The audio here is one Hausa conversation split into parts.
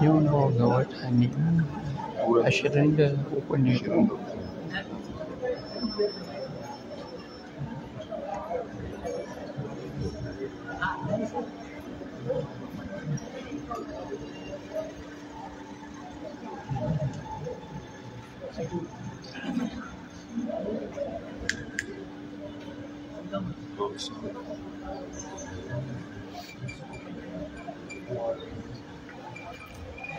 You know what I mean. I shouldn't open it. Thank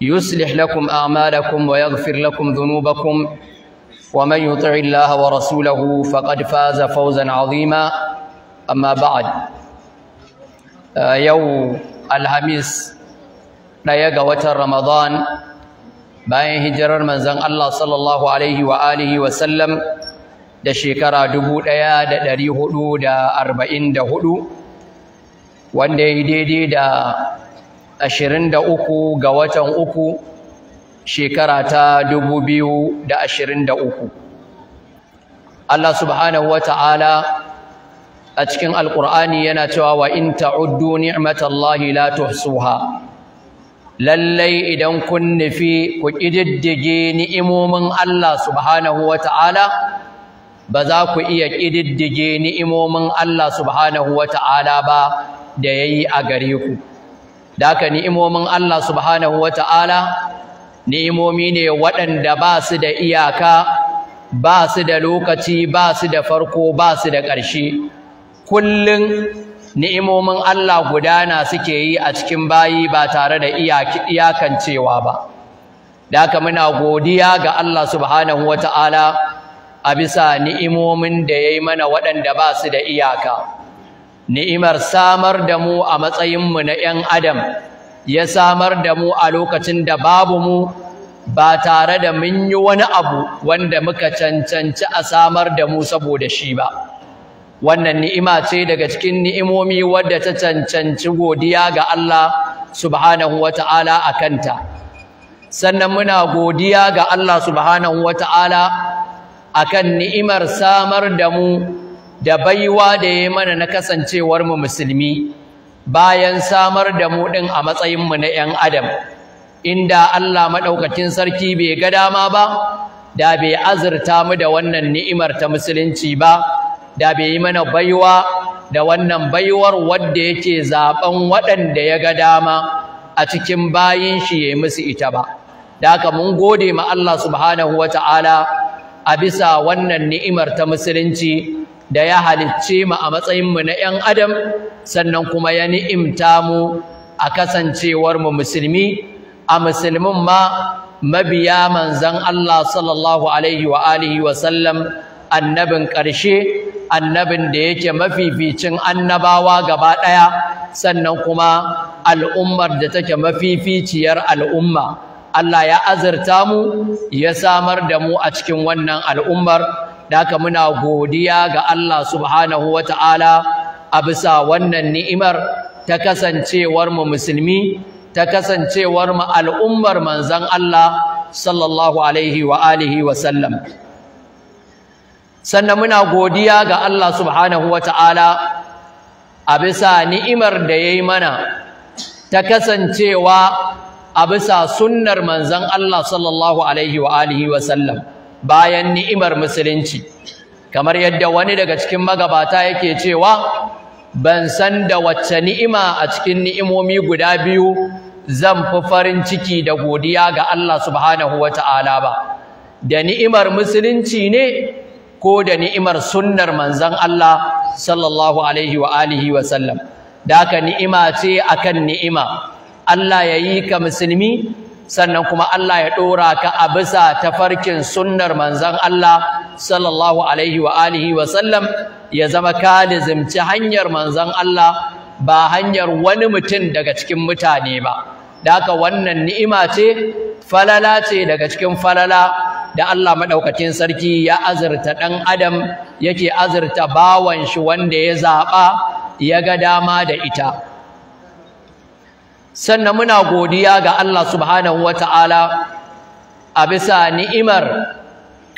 يصلح لكم أعمالكم ويغفر لكم ذنوبكم ومن يطع الله ورسوله فقد فاز فوزا عظيما أما بعد Yau, الخميس ɗaya ga watan Ramadan bayan hijirar manzon Allah shekara dubu ɗaya da ɗari sallam da arba'in da huɗu, wanda ya yi daidai da 23 ga watan uku shekara ta 2023 Allah subhanahu wata'ala a cikin alkur'ani yana cewa wa in ta'uddu ni'matallahi la tuhsuha lallai idan kun nufi ku ƙididdige ni'imomin Allah subhanahu wata'ala ba za ku iya ƙididdige ni'imomin Allah subhanahu wata'ala ba da yayi a gare ku Daka ni'imomin Allah subhanahu wata'ala ni'imomi ne waɗanda ba su da iyaka ba su da lokaci ba su da farko ba su da ƙarshe kullun ni'imomin Allah gudana suke yi a cikin bayi ba tare da iyakancewa ba Daka muna godiya ga Allah subhanahu wata'ala a bisa ni'imomin da ya yi mana waɗanda ba su da iyaka ni'imar samar da mu a matsayinmu na 'yan adam ya samar da mu a lokacin da babu mu ba tare da mun yi wani abu wanda muka cancanci a samar da mu saboda shi ba wannan ni'ima ce daga cikin ni'imomi wadda ta cancanci godiya ga Allah subhanahu wata'ala a kanta sannan muna godiya ga Allah subhanahu wata'ala akan ni'imar samar da mu da baiwa da ya mana na kasancewar mu musulmi bayan samar da mu din a matsayin mu na ƴan adam inda Allah madaukakin sarki bai ga dama ba da bai azurta mu da wannan ni'imar ta musulunci ba da bai yi mana baiwa da wannan baiwar wanda yake zaben waɗanda ya ga dama a cikin bayin shi yayi musu ita ba da haka mun gode ma Allah subhanahu wataala a bisa wannan ni'imar ta musulunci da ya halicce mu a matsayin mu na 'yan adam sannan kuma ya ni'imta mu a kasancewar mu musulmi a musulmin ma mabiya manzon Allah sallallahu alaihi wa alihi wa sallam annabin ƙarshe annabin da yake mafificin annabawa gaba ɗaya sannan kuma al'ummar da take mafificiyar al'umma Allah ya azurta mu ya samar da mu a cikin wannan al'ummar da haka muna godiya ga Allah subhanahu wa ta'ala a bisa wannan ni'imar ta kasancewar mu musulmi ta kasancewar mu al'ummar manzon Allah sallallahu alaihi wa alihi wa sallam sannan muna godiya ga Allah subhanahu wa ta'ala a bisa ni'imar da yayi mana ta kasancewa a bisa sunnar manzon Allah sallallahu alaihi wa alihi wa sallam bayan ni'imar musulunci kamar yadda wani daga cikin magabata yake cewa ban san da wacce ni'ima a cikin ni'imomi guda biyu zan fi farin ciki da godiya ga Allah subhanahu wa Ta'ala ba da ni'imar musulunci ne ko da ni'imar sunnar manzon Allah sallallahu alaihi wa alihi wa sallam da aka ni'ima ce akan ni'ima Allah ya yi ka musulmi sannan kuma Allah ya ɗora ka a bisa tafarkin sunnar manzon Allah sallallahu alaihi wa alihi wa sallam ya zama ka lizimci hanyar manzon Allah ba hanyar wani mutum daga cikin mutane ba da wannan ni'ima ce falala ce daga cikin falala da Allah maɗaukacin sarki ya azurta ɗan adam yake azurta bawan shi wanda ya zaɓa ya ga dama da ita sannan muna godiya ga Allah subhanahu wata'ala a bisa ni'imar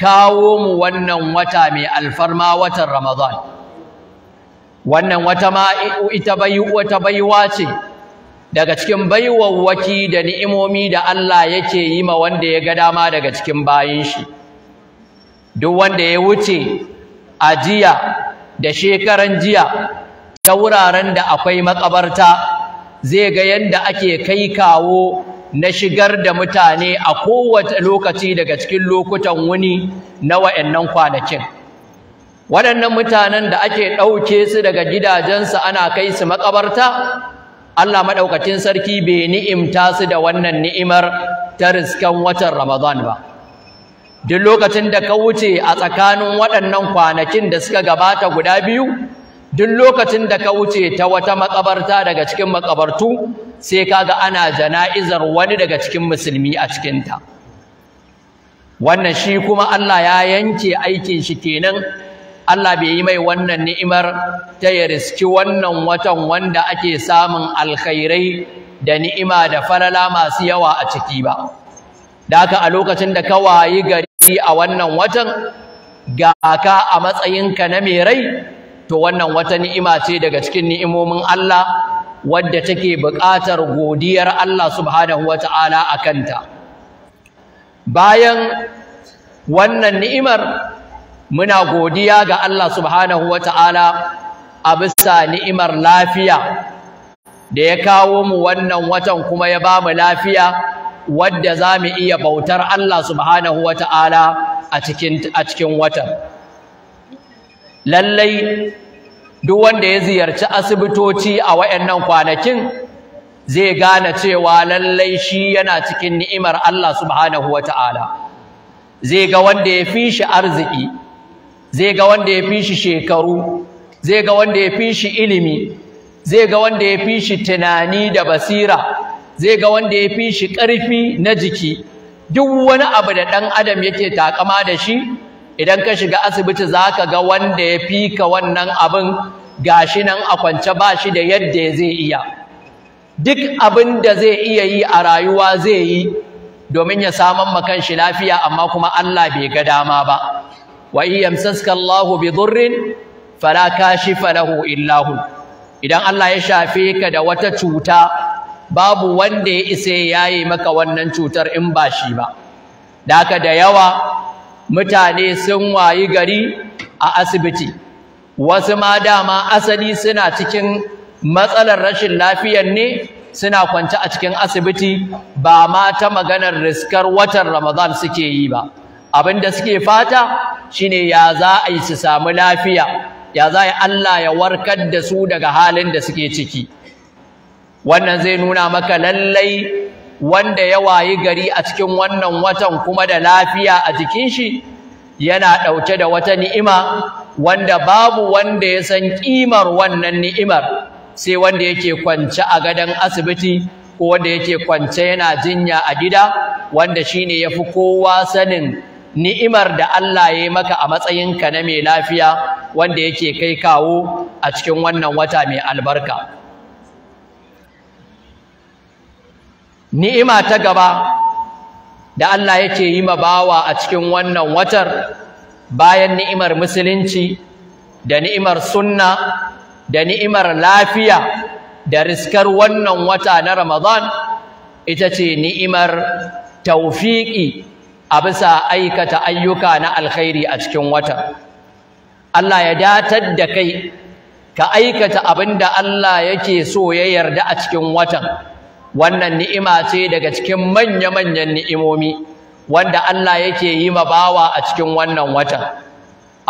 kawo mu wannan wata mai alfarma watan Ramadan wannan wata ma ita wata baiwa ce daga cikin baiwawwaki da ni'imomi da Allah yake yi ma wanda ya ga dama daga cikin bayin shi duk wanda ya wuce a jiya da shekaran jiya ta wuraren da akwai makabarta zai ga yadda ake kai kawo na shigar da mutane a kowace lokaci daga cikin lokutan wuni na wa'annan kwanakin waɗannan mutanen da ake ɗauke su daga gidajensu ana kai su makabarta Allah maɗaukacin sarki bai ni'imta su da wannan ni'imar ta riskan watan Ramadan ba duk lokacin da ka wuce a tsakanin waɗannan kwanakin da suka gabata guda biyu duk lokacin da ka wuce ta wata makabarta daga cikin makabartu sai kaga ana jana'izar wani daga cikin musulmi a cikinta wannan shi kuma Allah ya yanke aikin shi kenan Allah bai yi mai wannan ni'imar ta ya riski wannan watan wanda ake samun alkhairai da ni'ima da falala masu yawa a ciki ba da haka a lokacin da ka wayi gari a wannan watan ga ka a matsayinka na mai rai to wannan wata ni'ima ce daga cikin ni'imomin Allah wadda take buƙatar godiyar Allah subhanahu wata'ala a kanta bayan wannan ni'imar muna godiya ga Allah subhanahu wata'ala a bisa ni'imar lafiya da ya kawo mu wannan watan kuma ya ba mu lafiya wadda za mu iya bautar Allah subhanahu wata'ala a cikin watan lallai duk wanda ya ziyarci asibitoci a wayannan kwanakin zai gane cewa lallai shi yana cikin ni'imar Allah subhanahu wataala zai ga wanda ya fi shi arziki zai ga wanda ya fi shi shekaru zai ga wanda ya fi shi ilimi zai ga wanda ya fi shi tunani da basira zai ga wanda ya fi shi ƙarfi na jiki duk wani abu da ɗan adam yake takama da shi idan ka shiga asibiti za ka ga wanda ya fi ka wannan abin gashi nan a kwance ba shi da yadda zai iya duk abin da zai iya yi a rayuwa zai yi domin ya samu makan shi lafiya amma kuma Allah bai ga dama ba wa yamsaska Allah bi dhurrin fala kashifa lahu illa hu idan Allah ya shafe ka da wata cuta babu wanda ya isa yayi maka wannan cutar in ba shi ba da haka da yawa mutane sun wayi gari a asibiti wasu ma dama asali suna cikin matsalar rashin lafiyar ne suna kwance a cikin asibiti ba ma ta maganar riskar watan Ramadan suke yi ba Abin da suke fata shine ya za a yi su samu lafiya ya za a yi Allah ya warkar da su daga halin da suke ciki wannan zai nuna maka lallai wanda ya wayi gari a cikin wannan watan kuma da lafiya a jikin shi yana ɗauke da wata ni'ima wanda babu wanda ya san ƙimar wannan ni'imar sai wanda yake kwance a gadon asibiti ko wanda yake kwance yana jinya a gida wanda shine yafi kowa sanin ni'imar da Allah ya yi maka a matsayinka na mai lafiya wanda yake kai kawo a cikin wannan wata mai albarka ni'ima ta gaba da Allah yake yi ma bawa a cikin wannan watar bayan ni'imar musulunci da ni'imar sunna da ni'imar lafiya da riskar wannan wata na Ramadan ita ce ni'imar tawfiki a bisa aikata ayyuka na alkhairi a cikin wata Allah ya datar da kai ka aikata abinda Allah yake so ya yarda a cikin watan wannan ni'ima ce daga cikin manya-manyan ni'imomi wanda Allah yake yi ma bawa a cikin wannan watan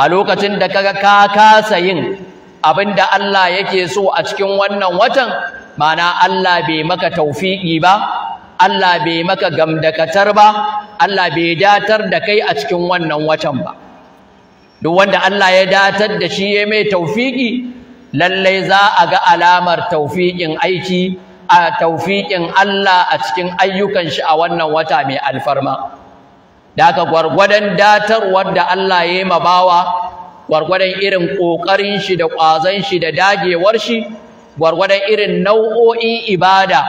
a lokacin da kaga ka kasa yin abinda Allah yake so a cikin wannan watan mana Allah bai maka taufiƙi ba Allah bai maka gamdakatar ba Allah bai datar da kai a cikin wannan watan ba duk wanda Allah ya datar da shi ya mai taufiƙi lallai za a ga alamar taufiƙin aiki a taufiƙin Allah a cikin ayyukan shi a wannan wata mai alfarma da aka gwargwadon datarwar da Allah ya yi mabawa gwargwadon irin ƙoƙarin shi da ƙwazon shi da dagewar shi gwargwadon irin nau'o'i ibada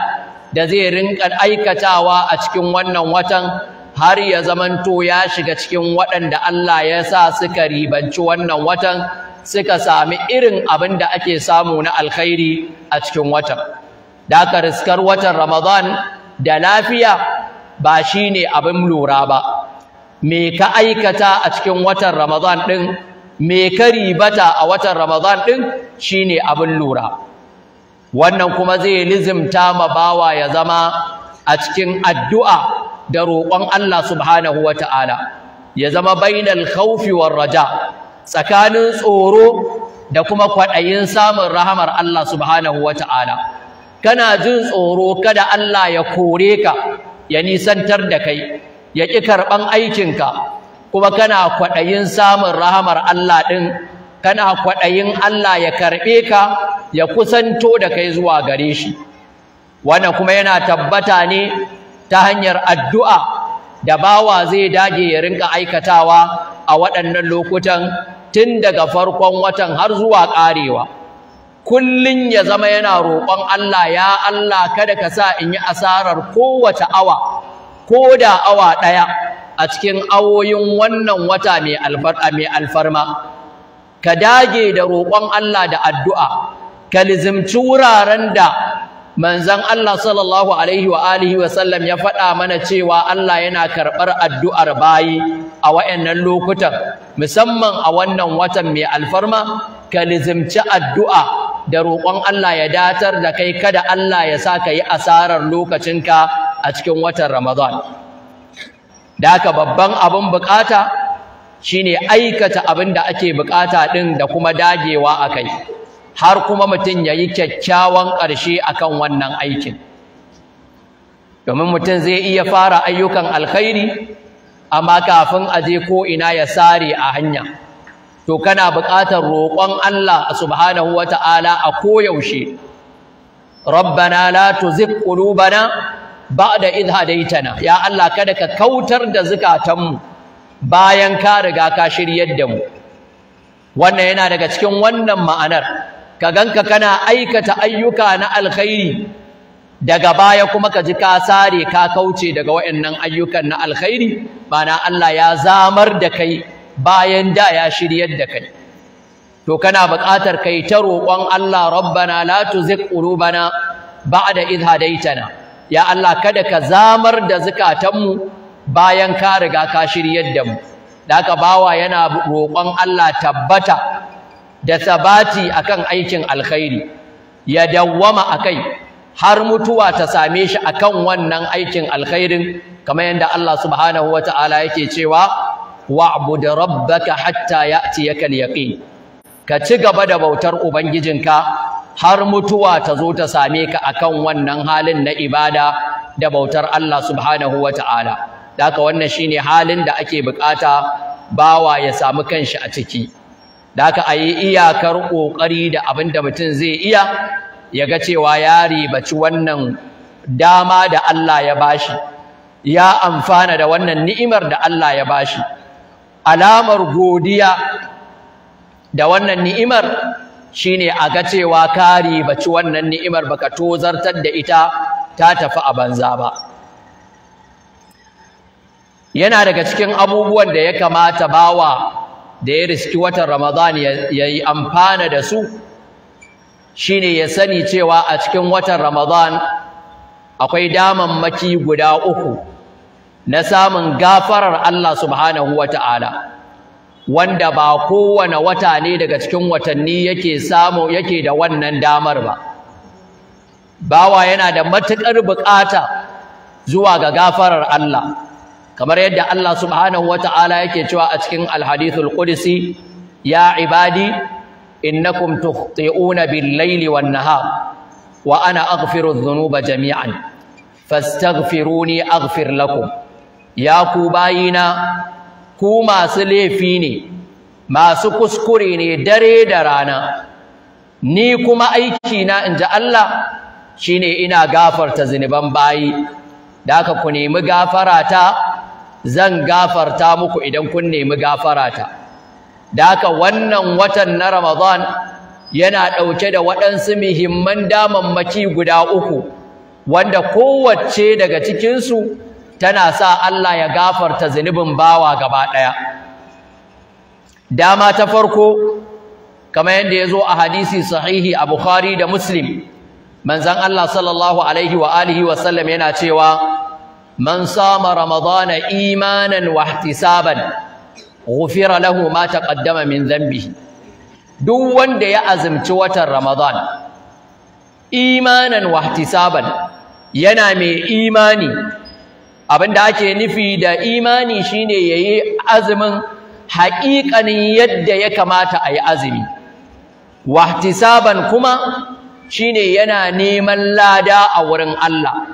da zai rinka aikatawa a cikin wannan watan har ya zamanto ya shiga cikin waɗanda Allah ya sa suka ribanci wannan watan suka sami irin abin da ake samu na alkhairi a cikin watan da aka riskar watan Ramadan da lafiya ba shine abin lura ba me ka aikata a cikin watan Ramadan din me ka ribata a watan Ramadan din shine abin lura wannan kuma zai lizimta ma bawa ya zama a cikin addu'a da roƙon Allah subhanahu wataala ya zama bainal khawfi war raja tsakanin tsoro da kuma kwaɗayin samun rahamar Allah subhanahu wataala kana jin tsoro kada Allah ya kore ka ya nisantar da kai ya ƙi aikin aikinka kuma kana kwaɗayin samun rahamar Allah ɗin kana kwaɗayin Allah ya karɓe ka ya kusanto da kai zuwa gare shi wannan kuma yana tabbata ne ta hanyar addu'a da bawa zai dage ya rinka aikatawa a waɗannan lokutan tun daga farkon watan har zuwa ƙarewa kullun ya zama yana roƙon Allah ya Allah kada ka sa in yi asarar kowace awa ko da awa ɗaya a cikin awoyin wannan wata mai alfarma ka dage da roƙon Allah da addu'a ka lizimci wuraren da manzon Allah sallallahu alaihi wa alihi wa sallam ya faɗa mana cewa Allah yana karɓar addu'ar bayi a wayannan lokutan musamman a wannan watan mai alfarma ka lizimci addu'a da roƙon Allah ya datar da kai kada Allah ya sa ka yi asarar lokacinka a cikin watan Ramadan da haka babban abin bukata shine aikata abin da ake bukata ɗin da kuma dagewa akai har kuma mutum ya yi kyakkyawan ƙarshe akan wannan aikin domin mutum zai iya fara ayyukan alkhairi amma kafin a je ko ina ya sare a hanya to kana buƙatar roƙon Allah subhanahu wata'ala a koyaushe rabbana la tuzigh qulubana ba'da idh hadaytana ya Allah kada ka kautar da zukatanmu bayan ka riga ka shiryar da mu wannan yana daga cikin wannan ma'anar ka ganka kana aikata ayyuka na alkhairi daga baya kuma ka ji ka sare ka kauce daga waɗannan ayyukan na alkhairi bana Allah ya zamar da kai bayan da ya shiryar da kai to kana buƙatar kai ta roƙon Allah rabbana la tuzigh qulubana ba'da idh hadaitana ya Allah kada ka zamar da zakatanmu bayan ka riga ka shiryar da mu da haka bawa yana roƙon Allah tabbata da sabati akan aikin alkhairi ya dawwama akai har mutuwa ta same shi akan wannan aikin alkhairin kamar yadda Allah subhanahu wataala yake cewa wa'bud rabbaka hatta ya'tiyaka al-yaqin ka ci gaba da bautar ubangijinka har mutuwa ta zo ta same ka akan wannan halin na ibada da bautar Allah subhanahu wata'ala daka wannan shine halin da ake bukata bawa ya samu kanshi a ciki daka ayi iyakar kokari da abinda mutum zai iya ya ga cewa yari baci wannan dama da Allah ya bashi ya amfana da wannan ni'imar da Allah ya bashi alamar godiya da wannan ni'imar shine a ga cewa kari baci wannan ni'imar baka tozartar da ita ta tafi a banza ba yana daga cikin abubuwan da ya kamata bawa da ya riski watan Ramadan ya yi amfana da su shine ya sani cewa a cikin watan Ramadan akwai damammaki guda uku na samun gafarar Allah subhanahu ta'ala, wanda ba kowane wata ne daga cikin watanni yake samu yake da wannan damar ba bawa yana da matuƙar buƙata zuwa ga gafarar Allah kamar yadda Allah subhanahu ta'ala yake cewa a cikin alhadithul qudsi ya ibadi innakum tukhti'una bil-laili wan-nahar wa ana aghfiru adh-dhunuba jami'an fastaghfiruni aghfir lakum ya ku bayina ku masu laifi ne masu kuskure ne dare da rana ni kuma aiki na ji Allah Shi ne ina gafarta zinuban bayi da aka ku nemi gafarata zan gafarta muku idan kun nemi gafarata da aka wannan watan na Ramadan yana ɗauke da waɗansu muhimman damammaki guda uku wanda kowace daga cikinsu tana sa Allah ya gafarta zunubin bawa gaba ɗaya dama ta farko kamar yadda ya zo a hadisi sahihi a Bukhari da Muslim manzon Allah sallallahu alaihi wa alihi wa sallam yana cewa man sama ramadana imanan wa ihtisaban ghufira lahu ma taqaddama min dhanbihi duk wanda ya azumci watan Ramadan imanan wahtisaban yana mai imani Abin da ake nufi da imani shine yayi azumin haƙiƙanin yadda ya kamata ayi yi azumi wahtisaban kuma shine yana neman lada a wurin Allah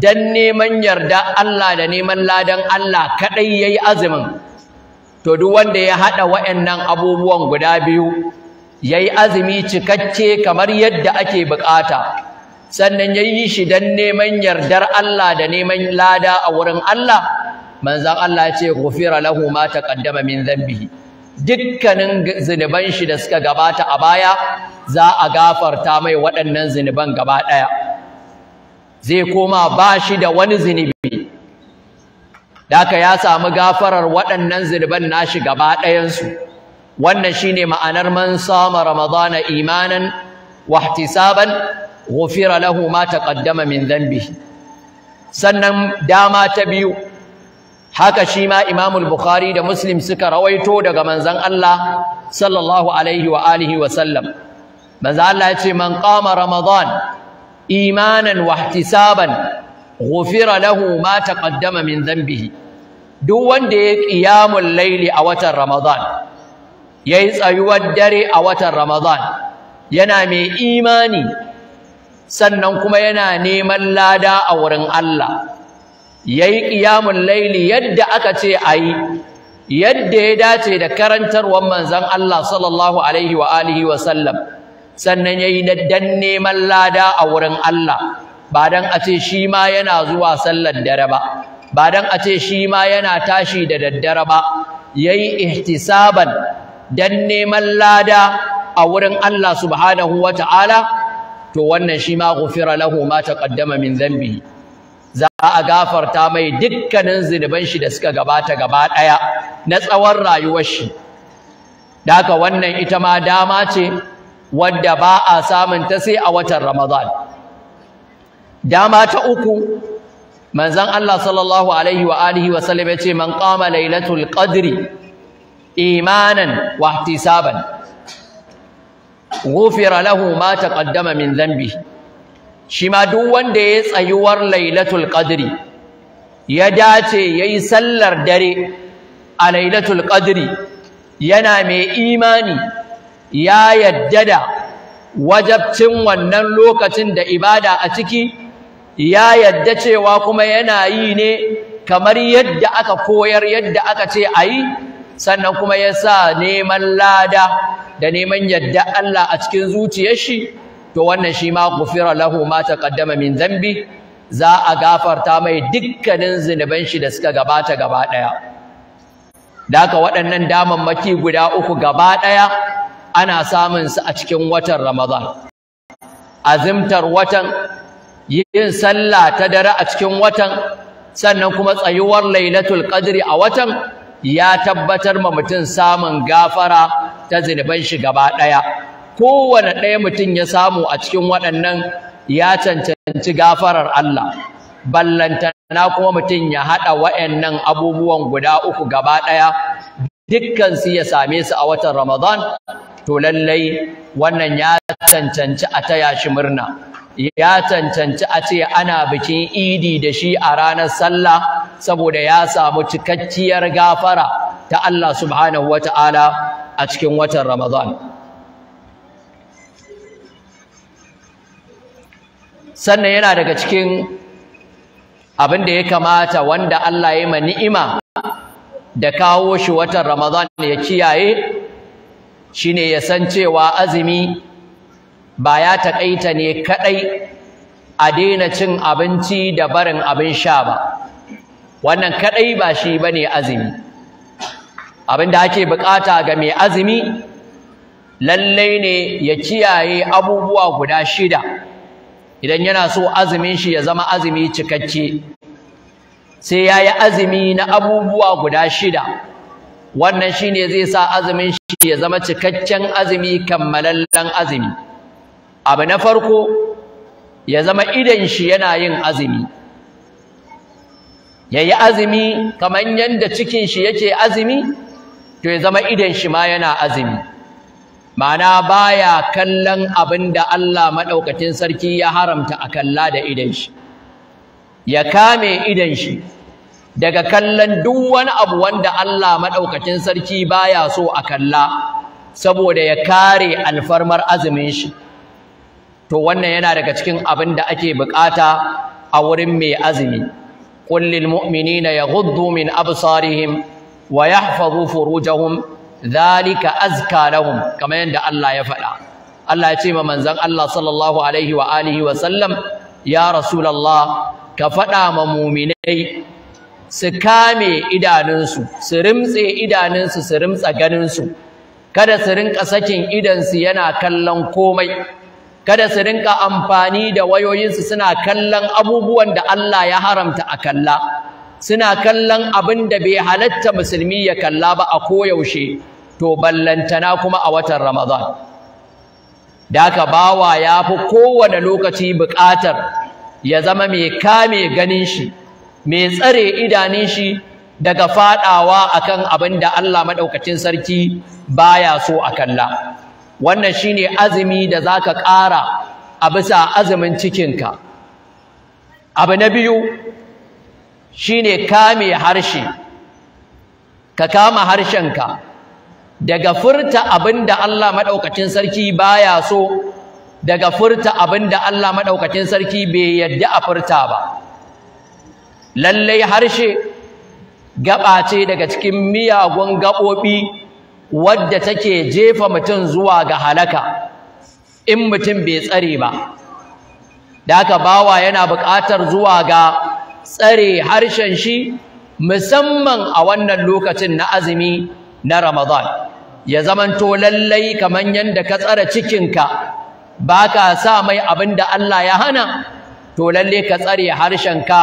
dan neman yarda Allah da neman ladan Allah kadai yayi azumin to duk wanda ya hada wayannan abubuwan guda biyu yayi azumi cikakke kamar yadda ake buƙata. sannan ya yi shi don neman yardar Allah da neman lada a wurin Allah manzan Allah ya ce gufira lahu ma taqaddama min dhanbihi dukkanin ziniban shi da suka gabata a baya za a gafarta mai waɗannan zinuban gaba ɗaya zai koma ba shi da wani zinubi daka ya samu gafarar waɗannan zinuban nashi gaba ɗayansu wannan shine ma'anar man sama ramadana imanan wahtisaban ghufira lahu ma taqaddama min dhanbi sannan dama ta biyu haka shi ma Imam bukhari da Muslim suka rawaito daga manzan Allah sallallahu alaihi wa alihi man qama ramadan imanan wahtisaban. ihtisaban ghufira lahu ma taqaddama min dhanbihi duk wanda ya ƙiyamun laili a watan Ramadan ya yi tsayuwar dare a watan Ramadan yana mai imani sannan kuma yana neman lada a wurin Allah yayi qiyamul laili yadda aka ce ayi yadda ya dace da karantarwar manzon Allah sallallahu alaihi wa alihi wa sallam sannan yayi dan neman lada a wurin Allah ba dan a ce shi ma yana zuwa sallar dare ba ba dan a ce shi ma yana tashi da daddare ba yayi ihtisaban dan neman lada a wurin Allah subhanahu wa ta'ala to wannan shi ma ghufira lahu ma taqaddama min dhanbihi za a gafarta mai dukkanin zunuban shi da suka gabata gaba daya na tsawon rayuwar shi daka wannan ita ma dama ce wadda ba a samun ta sai a watan Ramadan dama ta uku manzon Allah sallallahu alaihi wa alihi wa sallam yace man qama lailatul qadri imanan wa ihtisaban gufira lahu ma taqaddama min dhanbi shi ma duk wanda ya tsayuwar lailatul qadri ya dace yayi sallar dare a lailatul qadri yana mai imani ya yadda da wajabcin wannan lokacin da ibada a ciki ya yadda cewa kuma yana yi ne kamar yadda aka koyar yadda aka ce ayi sannan kuma ya sa neman lada da neman yadda Allah a cikin zuciyar shi to wannan shi ma gufira lahu ma taqaddama min dhanbi za a gafarta mai dukkanin zunuban shi da suka gabata gaba daya da haka waɗannan damammaki guda uku gaba daya ana samun su a cikin watan Ramadan azimtar watan yin sallah ta dare a cikin watan sannan kuma tsayuwar lailatul qadri a watan ya tabbatar ma mutum samun gafara ta zunuban shi gaba ɗaya kowane ɗaya mutum ya samu a cikin waɗannan ya cancanci gafarar Allah ballantana kuma mutum ya haɗa waɗannan abubuwan guda uku gaba ɗaya dukkan su ya same su a watan Ramadan to lallai wannan ya cancanci a taya shi murna ya cancanci a ce ana bikin idi da shi a ranar sallah saboda ya samu cikakkiyar gafara ta Allah subhanahu wata'ala a cikin watan Ramadan sannan yana daga cikin abin da ya kamata wanda Allah ya ma ni'ima da kawo shi watan Ramadan ya kiyaye shine ya san cewa azumi ba ya taƙaita ne kaɗai a daina cin abinci da barin abin sha ba wannan kaɗai ba shi ba ne azumi abin da ake buƙata ga mai azumi lallai ne ya kiyaye abubuwa guda shida idan yana so azumin shi ya zama azumi cikakke sai ya yi azumi na abubuwa guda shida wannan shine zai sa azumin shi ya zama cikakken azumi kammalallen azumi abu na farko ya zama idan shi yana yin azumi ya yi azumi kamar yadda cikin shi yake azumi to ya zama idan shi ma yana azumi ma'ana baya kallon abin da Allah maɗaukacin sarki ya haramta a kalla da idan shi ya kame idan shi daga kallon duk wani abu wanda Allah maɗaukacin sarki baya so a kalla saboda ya kare alfarmar azumin shi to wannan yana daga cikin abin da ake bukata a wurin mai azumi qul lil mu'minina yaghuddu min absarihim wa yahfazu furujahum dhalika azka lahum kamar yadda Allah ya faɗa Allah ya ce ma manzon Allah sallallahu alaihi wa alihi wa sallam ya rasulullah ka faɗa ma mu'minai su kame idanunsu su rimtse idanunsu su rimtsa ganinsu kada su rinka sakin idansu yana kallon komai kada su rinka amfani da wayoyinsu suna kallon abubuwan da Allah ya haramta a kalla suna kallon abin da bai halatta musulmi ya kalla ba a koyaushe to ballantana kuma a watan Ramadan da haka bawa ya fi kowane lokaci buƙatar ya zama mai kame ganin shi mai tsare idanun shi daga fadawa akan abin da Allah madaukakin sarki baya so a kalla wannan shine azumi da zaka ƙara a bisa azumin cikinka abu na biyu shine kame harshe ka kama harshenka daga furta abinda Allah madaukakin sarki baya so daga furta abinda Allah madaukakin sarki bai yadda a furta ba lallai harshe gaba ce daga cikin miyagun gaɓoɓi wadda take jefa mutum zuwa ga halaka in mutum bai tsare ba da haka bawa yana buƙatar zuwa ga tsare harshen shi musamman a wannan lokacin na azumi na Ramadan ya zamanto lallai kaman yanda ka tsare cikinka baka sa mai abinda Allah ya hana to lallai ka tsare harshen harshenka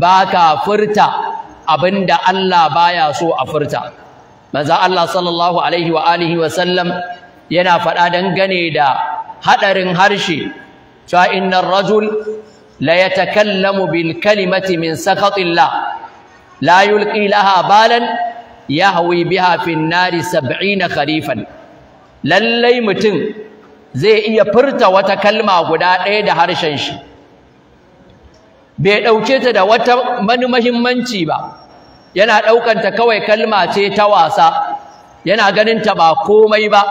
baka furta abinda Allah baya so a furta manzo Allah sallallahu alaihi wa alihi wa sallam yana faɗa dangane da hadarin harshe cewa innar rajul la yatakallamu bil kalimati min sakatillah la yulqi laha balan yahwi biha fin nari 70 khalifan. lallai mutum zai iya furta wata kalma guda ɗaya da harshen shi bai ɗauke ta da wata mani muhimmanci ba yana ɗaukanta kawai kalma ce ta wasa yana ganin ta ba komai ba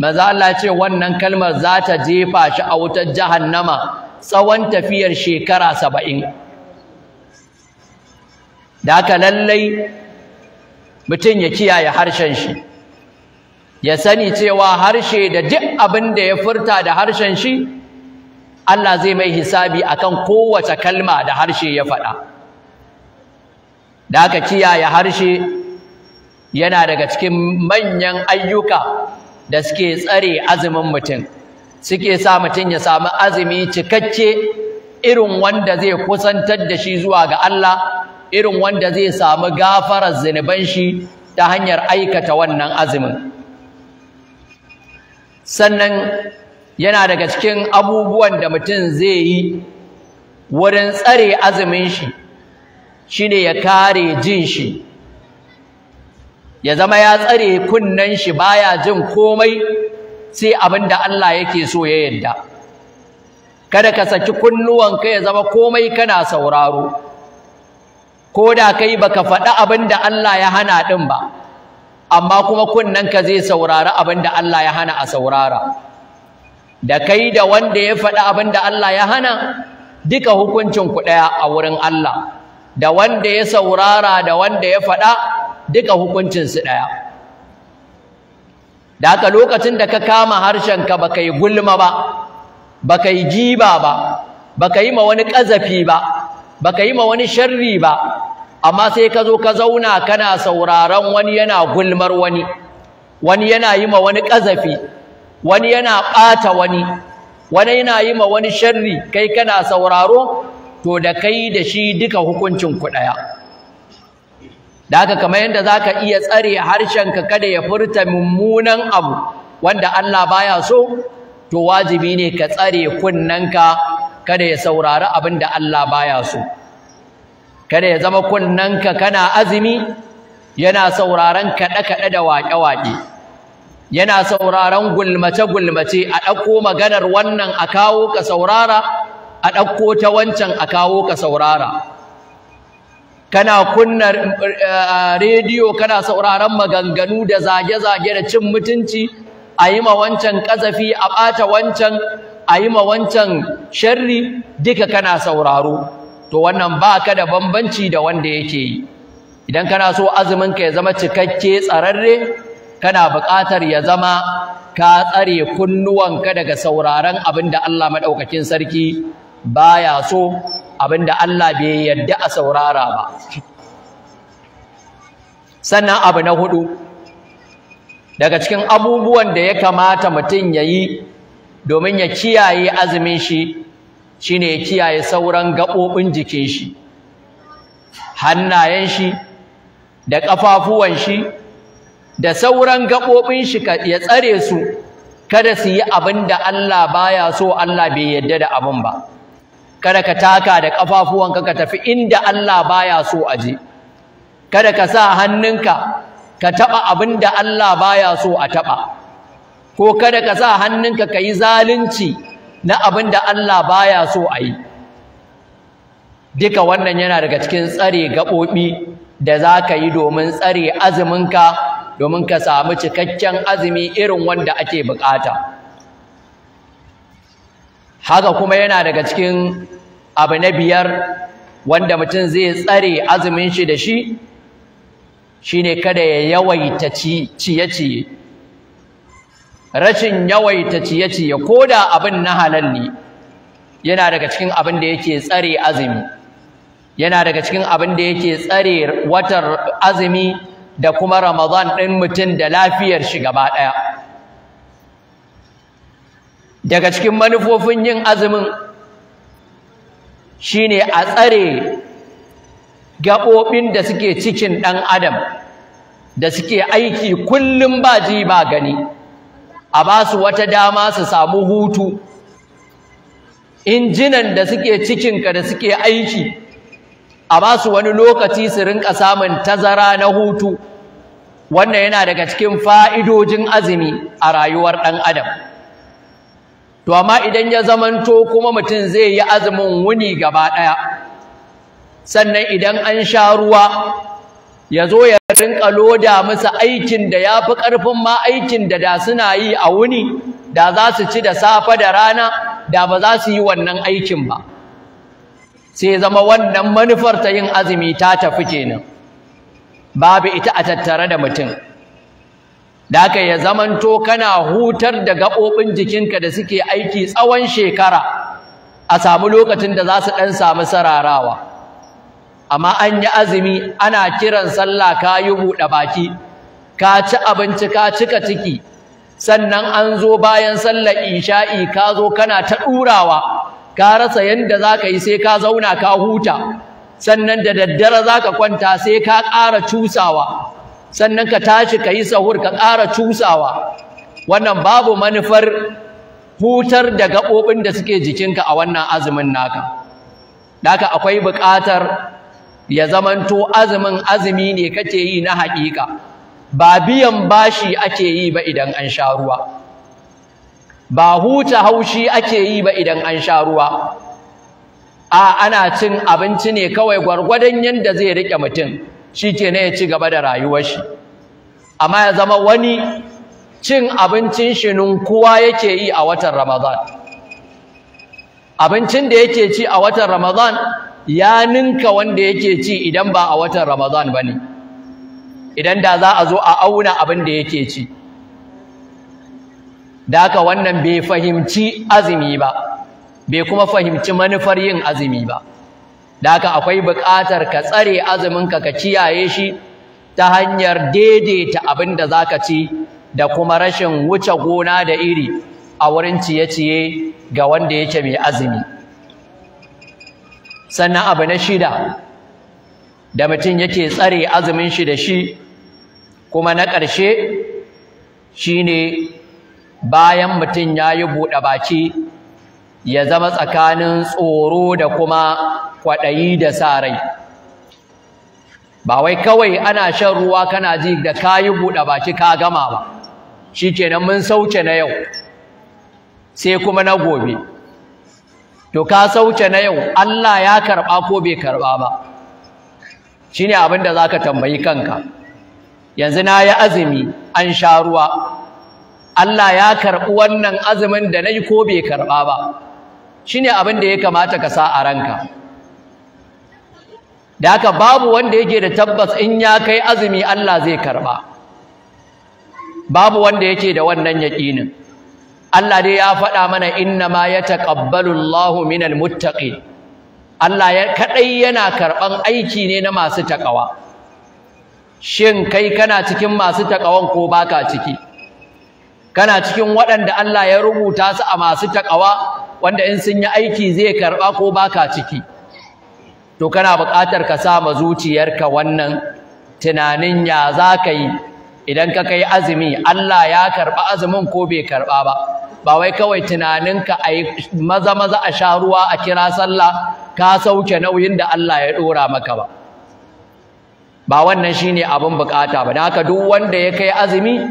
manzo Allah ce wannan kalmar za ta jefa shi a wutar jahannama tsawon tafiyar shekara saba'in da haka lallai mutum ya kiyaye harshen shi ya sani cewa harshe da duk abin da ya furta da harshen shi Allah zai mai hisabi akan kowace kalma da harshe ya faɗa. da aka kiyaye harshe yana daga cikin manyan ayyuka da suke tsare azumin mutum suke sa mutum ya samu azumi cikakke irin wanda zai kusantar da shi zuwa ga Allah irin wanda zai samu gafarar zunuban shi ta hanyar aikata wannan azumin sannan yana daga cikin abubuwan da mutum zai yi wurin tsare azumin shi shine ya kare jin shi ya zama ya tsare kunnen shi baya jin komai sai abin da Allah yake so ya yadda. kada ka saki kunnuwanka ya zama komai kana sauraro ko da kai baka faɗi abin da Allah ya hana ɗin ba amma kuma kunnenka zai saurara abin da Allah ya hana a saurara da kai da wanda ya faɗi abin da Allah ya hana duka hukuncin ku ɗaya a wurin Allah da wanda ya saurara da wanda ya faɗa duka hukuncinsu ɗaya da haka lokacin da ka kama harshenka ba ka yi gulma ba ba ka yi jiba ba ba ka yi ma wani ƙazafi ba ba ka yi ma wani sharri ba amma sai ka zo ka zauna kana sauraron wani yana gulmar wani wani yana yi ma wani ƙazafi wani yana ɓata wani wani yana yi ma wani sharri kai kana sauraro to da kai da shi duka hukuncin ku ɗaya da haka kamar yadda za ka iya tsare harshen ka kada ya furta mummunan abu wanda Allah baya so to wajibi ne ka tsare kunnanka kada ya saurari abin da Allah baya so kada ya zama kunnanka kana azumi yana sauraron kaɗe-kaɗe da waƙe-waƙe yana sauraron gulmace-gulmace a ɗauko maganar wannan a kawo ka saurara a ɗauko ta wancan a kawo ka saurara kana kunna eh, rediyo kana sauraron maganganu da zage-zage da cin mutunci a yi ma wancan ƙazafi a ɓata wancan a yi ma wancan sharri duka kana sauraro to wannan ba ka da bambanci da wanda yake yi idan kana so azuminka ya zama cikakke tsararre kana buƙatar ya zama ka tsare kunnuwanka daga sauraron abin da Allah maɗaukakin sarki baya so abinda Allah bai yadda a saurara ba sannan abu na hudu daga cikin abubuwan da ya kamata mutum ya yi domin ya kiyaye azumin shi shine ya kiyaye sauran gaɓoɓin jikin shi hannayen shi da ƙafafuwan shi da sauran gaɓoɓin shi ya tsare su kada su yi abinda da Allah baya so Allah bai yadda da abun ba kada ka taka da ƙafafuwanka ka tafi inda Allah baya so a je kada ka sa hannunka ka taɓa abin da Allah baya so a taɓa ko kada ka sa hannunka ka yi zalunci na abin da Allah baya so a yi duka wannan yana daga cikin tsare gaɓoɓi da za ka yi domin tsare azuminka domin ka samu cikakken azumi irin wanda ake buƙata. haka kuma yana daga cikin abu na biyar wanda mutum zai tsare azumin shi da shi shine kada ya yawaita ciye-ciye rashin yawaita ciye-ciye ko da abin na halal yana daga cikin abin da yake tsare azumi yana daga cikin abin da yake tsare watar azumi da kuma ramadan ɗin mutum da lafiyar shi gaba ɗaya daga cikin manufofin yin azumin shine a tsare gaɓoɓin da suke cikin ɗan adam da suke aiki kullum ba ji ba gani a ba su wata dama su samu hutu injinan da suke cikinka da suke aiki a ba su wani lokaci su rinka samun tazara na hutu wannan yana daga cikin fa'idojin azumi a rayuwar ɗan adam to amma idan ya zamanto kuma mutum zai yi azumin wuni gaba ɗaya sannan idan an sha ruwa ya zo ya rinka loda musu aikin da ya fi ƙarfin ma aikin da da suna yi a wuni da za su ci da safe da rana da ba za su yi wannan aikin ba sai zama wannan manufar ta yin azumi ta tafi kenan babu ita a tattare da mutum da ya zamanto kana hutar da gaɓoɓin jikinka da suke aiki tsawon shekara a samu lokacin da za su ɗan samu sararawa amma an yi azumi ana kiran sallah ka yi buɗe baki ka ci abinci ka cika ciki sannan an zo bayan sallar isha'i ka zo kana ta ɗurawa ka rasa yadda za ka yi sai ka zauna ka huta sannan da daddare za ka kwanta sai ka ƙara cusawa sannan ka tashi ka yi sahur ka ƙara cusawa wannan babu manufar hutar da gaɓoɓin da suke jikinka a wannan azumin naka daka akwai buƙatar ya zamanto azumin azumi ne kake yi na haƙiƙa ba biyan bashi ake yi ba idan an sha ruwa ba huta haushi ake yi ba idan an sha ruwa a ana cin abinci ne kawai gwargwadon yadda zai riƙe mutum shi ke ya ci gaba da rayuwar shi amma ya zama wani cin abincin shi kowa yake yi a watan ramadan abincin da yake ci a watan ramadan ya ninka wanda yake ci idan ba a watan ramadan ba ne idan da za a zo a auna abin da yake ci da haka wannan bai fahimci azumi ba bai kuma fahimci manufar yin azumi ba daka akwai buƙatar ka tsare azuminka ka kiyaye shi ta hanyar daidaita abin da za ka ci da kuma rashin wuce gona da iri a wurin ciye-ciye ga wanda yake mai azumi sannan abu na shida da mutum yake tsare azumin shi da shi kuma na ƙarshe shine bayan mutum ya yi buɗe baki ya zama tsakanin tsoro da kuma kwaɗayi da sa rai ba wai kawai ana shan ruwa kana ji da kayi buɗe baki ka gama ba shikenan mun sauke na yau sai kuma na gobe to ka sauke na yau Allah ya karɓa ko bai karɓa ba shine abin da zaka tambayi kanka yanzu na yi azumi an sha ruwa Allah ya karɓi wannan azumin da na yi ko bai karɓa ba shine abin da ya kamata ka sa a ranka da haka babu wanda yake da tabbas in ya kai azumi Allah zai karba babu wanda yake da wannan yaƙinin Allah dai ya faɗa mana inna ma yataqabbalu Allahu minal muttaqi Allah kadai yana karban aiki ne na masu takawa shin kai kana cikin masu takawan ko baka ciki kana cikin waɗanda Allah ya rubuta su a masu takawa wanda in sun yi aiki zai karɓa ko baka ciki to kana buƙatar ka sa ma zuciyarka wannan tunanin ya za ka yi idan ka kai azumi Allah ya karɓa azumin ko bai karɓa ba ba wai kawai tunaninka a yi maza maza a sha ruwa a kira sallah ka sauke nauyin da Allah ya ɗora maka ba ba wannan shine abin bukata ba don haka duk wanda ya kai azumi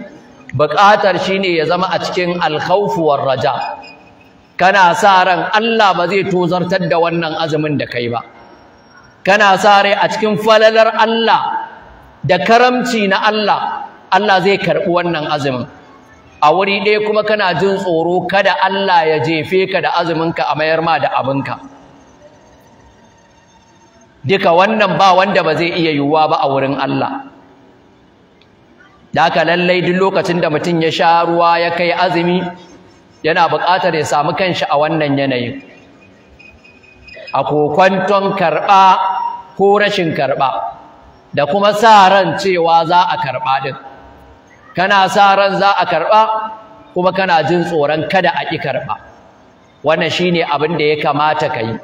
buƙatar shine ya zama a cikin alkhawfu war raja' kana sa ran Allah ba zai tozartar da wannan azumin da kai ba kana sa rai a cikin falalar Allah da karamci na Allah Allah zai karɓi wannan azumin a wuri ɗaya kuma kana jin tsoro kada Allah ya jefe ka da azuminka a mayar ma da abinka duka wannan ba wanda ba zai iya yiwuwa ba a wurin Allah da haka lallai duk lokacin da mutum ya sha ruwa ya kai azumi yana buƙatar ya samu kanshi a wannan yanayin a kokwanton karɓa ko rashin karɓa da kuma sa ran cewa za a karɓa ɗin kana sa ran za a karɓa kuma kana jin tsoron kada a ƙi karɓa wannan shine abin da ya kamata ka yi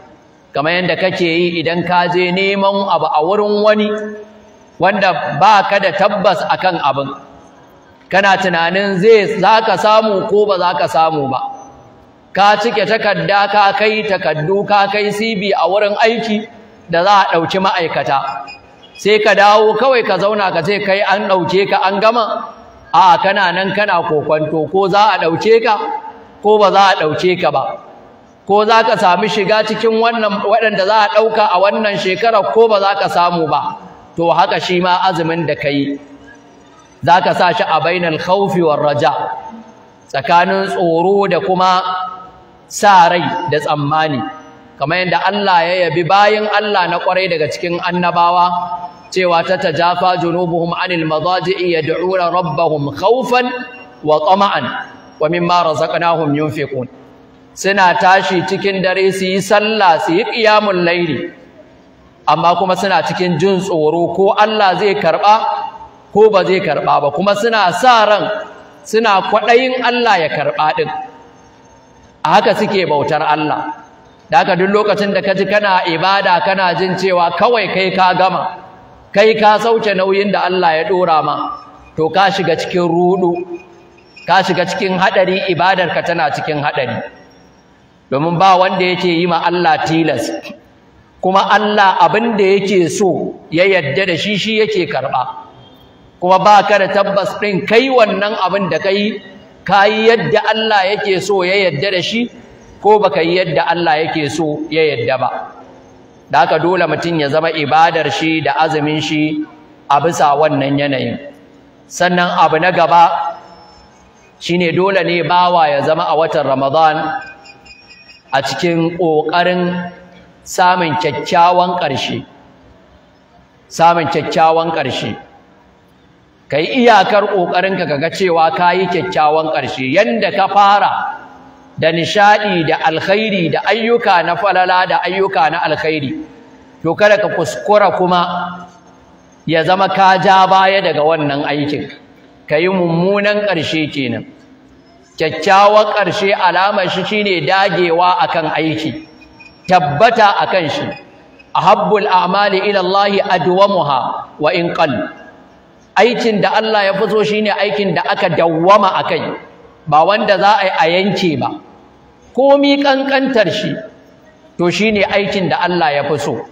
kamar yadda kake yi idan ka je neman abu a wurin wani wanda ba ka da tabbas akan abin kana tunanin zai za ka samu ko ba za ka samu ba ka cike takarda ka kai takardu ka kai cv a wurin aiki da za a ɗauki ma'aikata sai ka dawo kawai ka zauna ka ce kai an ɗauke ka an gama a kana nan kana kokwanto ko za a ɗauke ka ko ba za a ɗauke ka ba ko za ka sami shiga cikin wannan waɗanda za a ɗauka a wannan shekarar ko ba za ka samu ba to haka shi ma azumin da ka yi za ka sa shi a bainal kaufiwar raja tsakanin tsoro da kuma sa rai da tsammani kamar yadda Allah ya yabi bayin Allah na kwarai daga cikin annabawa cewa ta tajafa junubuhum anil madaji'i yad'una rabbahum khawfan wa tama'an wa mimma razaqnahum yunfiqun suna tashi cikin dare su yi sallah su yi qiyamul layli amma kuma suna cikin jin tsoro ko Allah zai karba ko ba zai karɓa ba kuma suna sa ran suna kwaɗayin Allah ya karɓa ɗin a haka suke bautar Allah da haka duk lokacin da ka ji kana ibada kana jin cewa kawai kai ka gama kai ka sauce nauyin da Allah ya ɗora ma to ka shiga cikin ruɗu ka shiga cikin haɗari ibadarka tana cikin haɗari domin ba wanda yake yi ma Allah tilas kuma Allah abin da yake so ya yadda da shi shi yake karɓa kuma ba ka da tabbas ɗin kai wannan abin da ka yi ka yi yadda Allah yake so ya yadda da shi ko ba ka yi yadda Allah yake so ya yadda ba da haka dole mutum ya zama ibadar shi da azumin shi a bisa wannan yanayin sannan abu na gaba shine dole ne bawa ya zama a watan Ramadan a cikin ƙoƙarin samun kyakkyawan ƙarshe samun kyakkyawan ƙarshe yi iyakar ka kaga cewa ka yi kyakkyawan ƙarshe yanda ka fara da nishaɗi da alkhairi da ayyuka na falala da ayyuka na alkhairi to kada ka kuskura kuma ya zama ka ja baya daga wannan aikin kayi mummunan ƙarshe kenan kyakkyawan ƙarshe alamar shi shine dagewa akan aiki tabbata akan shi ahabbul a'mali ila Allah adwamuha wa in qalla aikin da Allah ya fi so shine aikin da aka dawwama kai, ba wanda za a yi a yanke ba komi kankantar shi to shine aikin da Allah ya fi so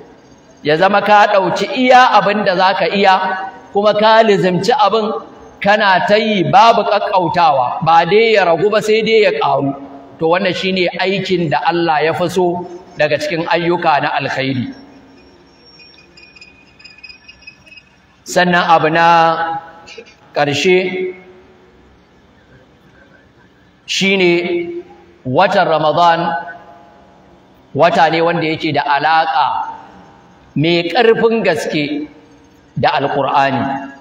ya zama ka ɗauci iya abin da za ka iya kuma ka lizimci abin kana ta yi babu ƙaƙƙautawa, ba dai ya ragu ba sai dai ya ƙaru. to wannan shine aikin da Allah ya fi so daga cikin ayyuka na alkhairi sannan abu na ƙarshe shi ne watan ramadan wata ne wanda yake da alaƙa mai ƙarfin gaske da alƙur'ani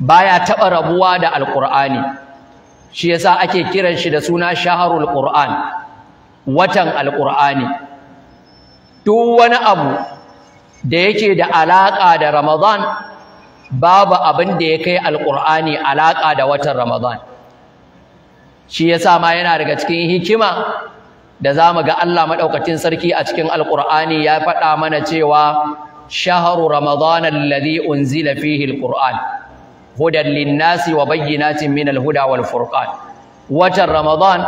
baya taɓa rabuwa da alƙur'ani shi yasa ake kiran shi da suna shaharul ƙur'an watan alƙur'ani duk wani abu da yake da alaƙa da ramadan babu abin da ya kai alƙur'ani alaƙa da watan ramadan shi yasa ma yana daga cikin hikima da za mu ga Allah maɗaukacin sarki a cikin alƙur'ani ya faɗa mana cewa shaharu ramadan alladhi unzila fihi alqur'an hudan linnasi wa bayyinatin min alhuda wal furqan watan ramadan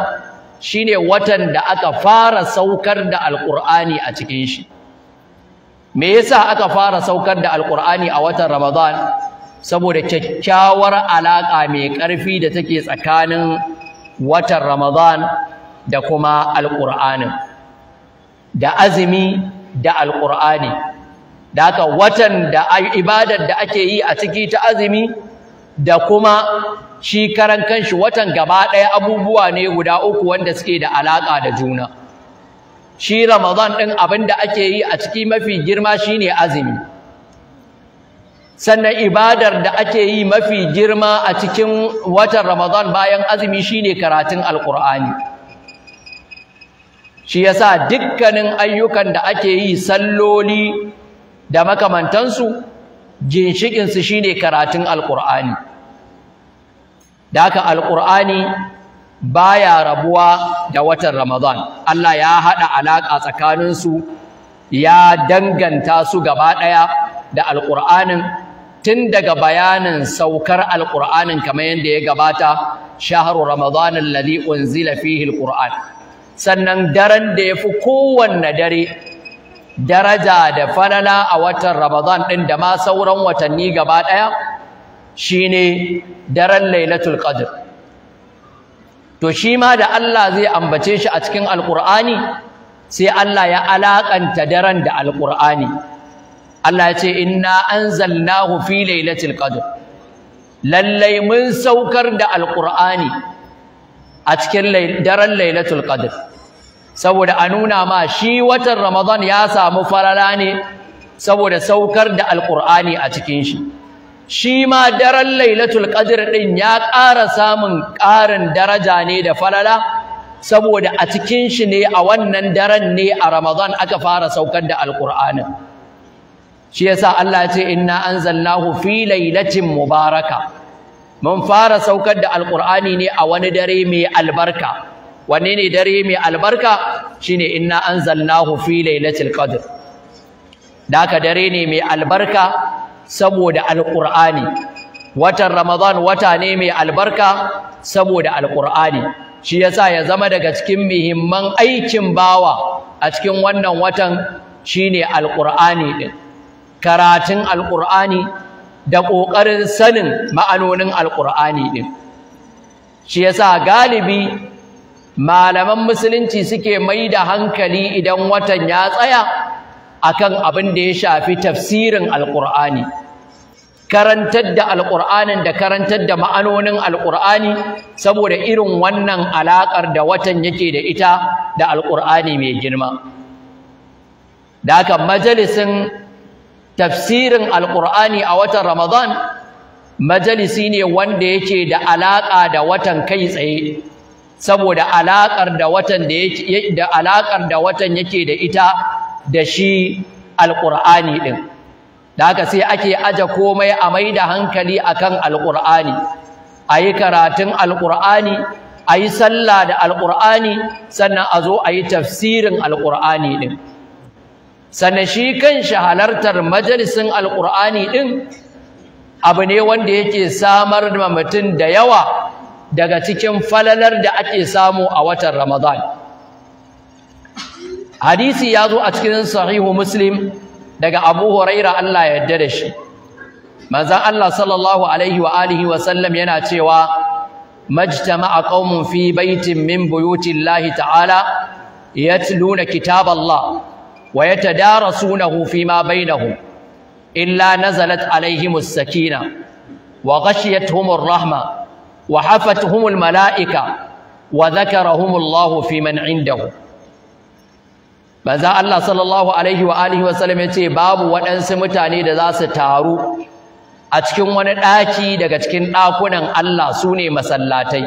shine watan da aka fara saukar da alƙur'ani a cikin shi me yasa aka fara saukar da alqur'ani a watan ramadan saboda kyakkyawar alaka mai karfi da take tsakanin watan ramadan da kuma alqur'anin da azumi da alqur'ani da haka watan da ibadar da ake yi a ciki ta azumi da kuma shi karan kanshi watan gaba ɗaya abubuwa ne guda uku wanda suke da alaka da juna shi Ramadan ɗin abin da ake yi a ciki mafi girma shine azumi sannan ibadar da ake yi mafi girma a cikin watan Ramadan bayan azumi shine karatun Alƙur'ani shi yasa dukkanin ayyukan da ake yi salloli da makamantansu ginshikinsu shine karatun Alƙur'ani da haka Alƙur'ani baya rabuwa da watan Ramadan Allah ya hada alaka tsakanin su ya danganta su gaba daya da alqur'anin tun daga bayanin saukar alqur'anin kamar yadda ya gabata shahru ramadan alladhi unzila fihi alqur'an sannan daren da yafi kowanne dare daraja da falala a watan ramadan din da ma sauran watanni gaba daya shine daren lailatul qadr to shi ma da Allah zai ambace shi a cikin alqur'ani sai Allah ya alakanta daren da alqur'ani Allah ya ce inna anzalnahu fi lailatul qadr lallai mun saukar da alqur'ani a cikin daren lailatul qadr saboda a nuna ma shi watan ramadan ya samu farala ne saboda saukar da alqur'ani a cikin shi shi ma daren lailatul qadr din ya ƙara samun ƙarin daraja ne da falala saboda a cikin shi ne a wannan daren ne a ramadan aka fara saukar da alqur'anin shi yasa Allah ya ce inna anzalnahu fi lailatin mubaraka mun fara saukar da alqur'ani ne a wani dare mai albarka wanne ne dare mai albarka shine inna anzalnahu fi lailatul qadr da haka dare ne mai albarka saboda Alƙur'ani, watan ramadan wata ne mai albarka saboda Alƙur'ani, shi yasa ya zama daga cikin muhimman aikin bawa a cikin wannan watan shine Alƙur'ani din karatun Alƙur'ani, da ƙoƙarin sanin ma'anonin Alƙur'ani din shi yasa galibi malaman musulunci suke mai da hankali idan watan ya tsaya akan abin da ya shafi tafsirin Alƙur'ani. karantar da alƙur'anin da karantar da ma'anonin alƙur'ani saboda irin wannan alaƙar da watan yake da ita da alƙur'ani mai girma da haka majalisin tafsirin alƙur'ani a watan ramadan majalisi ne wanda yake da alaƙa da watan kai tsaye saboda alaƙar da watan da yake da alaƙar da watan yake da ita da shi alƙur'ani ɗin da haka sai ake aje komai a mai da hankali akan alqur'ani ayi karatun alqur'ani ayi sallah da alqur'ani sannan a zo ayi tafsirin alqur'ani din sannan shi kanshi halartar majalisin alqur'ani din abu ne wanda yake samar da mutum da yawa daga cikin falalar da ake samu a watan Ramadan hadisi ya zo a cikin sahihu muslim daga Abu Huraira Allah ya yadda da shi manzan Allah sallallahu alaihi wa alihi wa sallam yana cewa majtama'a qaumun fi baitin min buyutillahi ta'ala yatluna kitaballah wa yatadarasunahu fima bainahum illa nazalat alaihimus sakina wa ghashiyatuhumur rahma wa hafatuhumul malaika wa dhakarahumullahu fi man 'indahu manzo Allah sallallahu alaihi wa alihi wa sallam yace babu waɗansu mutane da za su taru a cikin wani ɗaki daga cikin ɗakunan Allah sune masallatai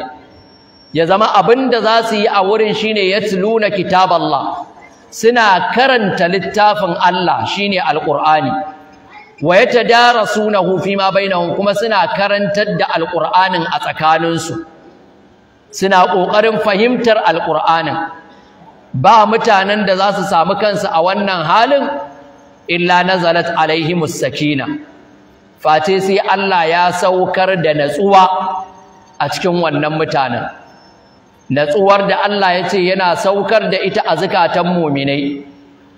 ya zama abin da za su yi a wurin shine yatluna kitaballah suna karanta littafin Allah shine alqur'ani wa yatadarasunahu fima bainahum kuma suna karantar da alqur'anin a tsakaninsu suna ƙoƙarin fahimtar alqur'anin ba mutanen da za su samu kansu a wannan halin illa nazalat alaihimus sakina face sai Allah ya saukar da natsuwa a cikin wannan mutanen natsuwar da Allah ya ce yana saukar da ita a zukatan muminai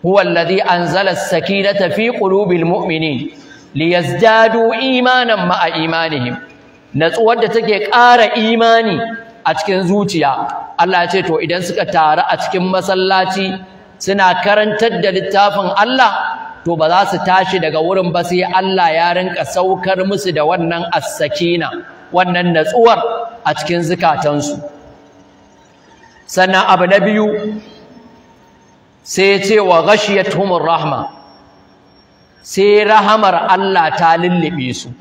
huwa allazi anzala as-sakinata fi qulubil mu'minin liyazdadu imanan ma'a imanihim natsuwar da take ƙara imani a cikin zuciya Allah ya ce to idan suka taru a cikin masallaci suna karantar da littafin Allah to ba za su tashi daga wurin ba sai Allah ya rinka saukar musu da wannan as-sakina wannan natsuwar a cikin zukatansu sannan abu na biyu sai ya ce wa ghashiyatuhumur rahma sai rahamar Allah ta lullube su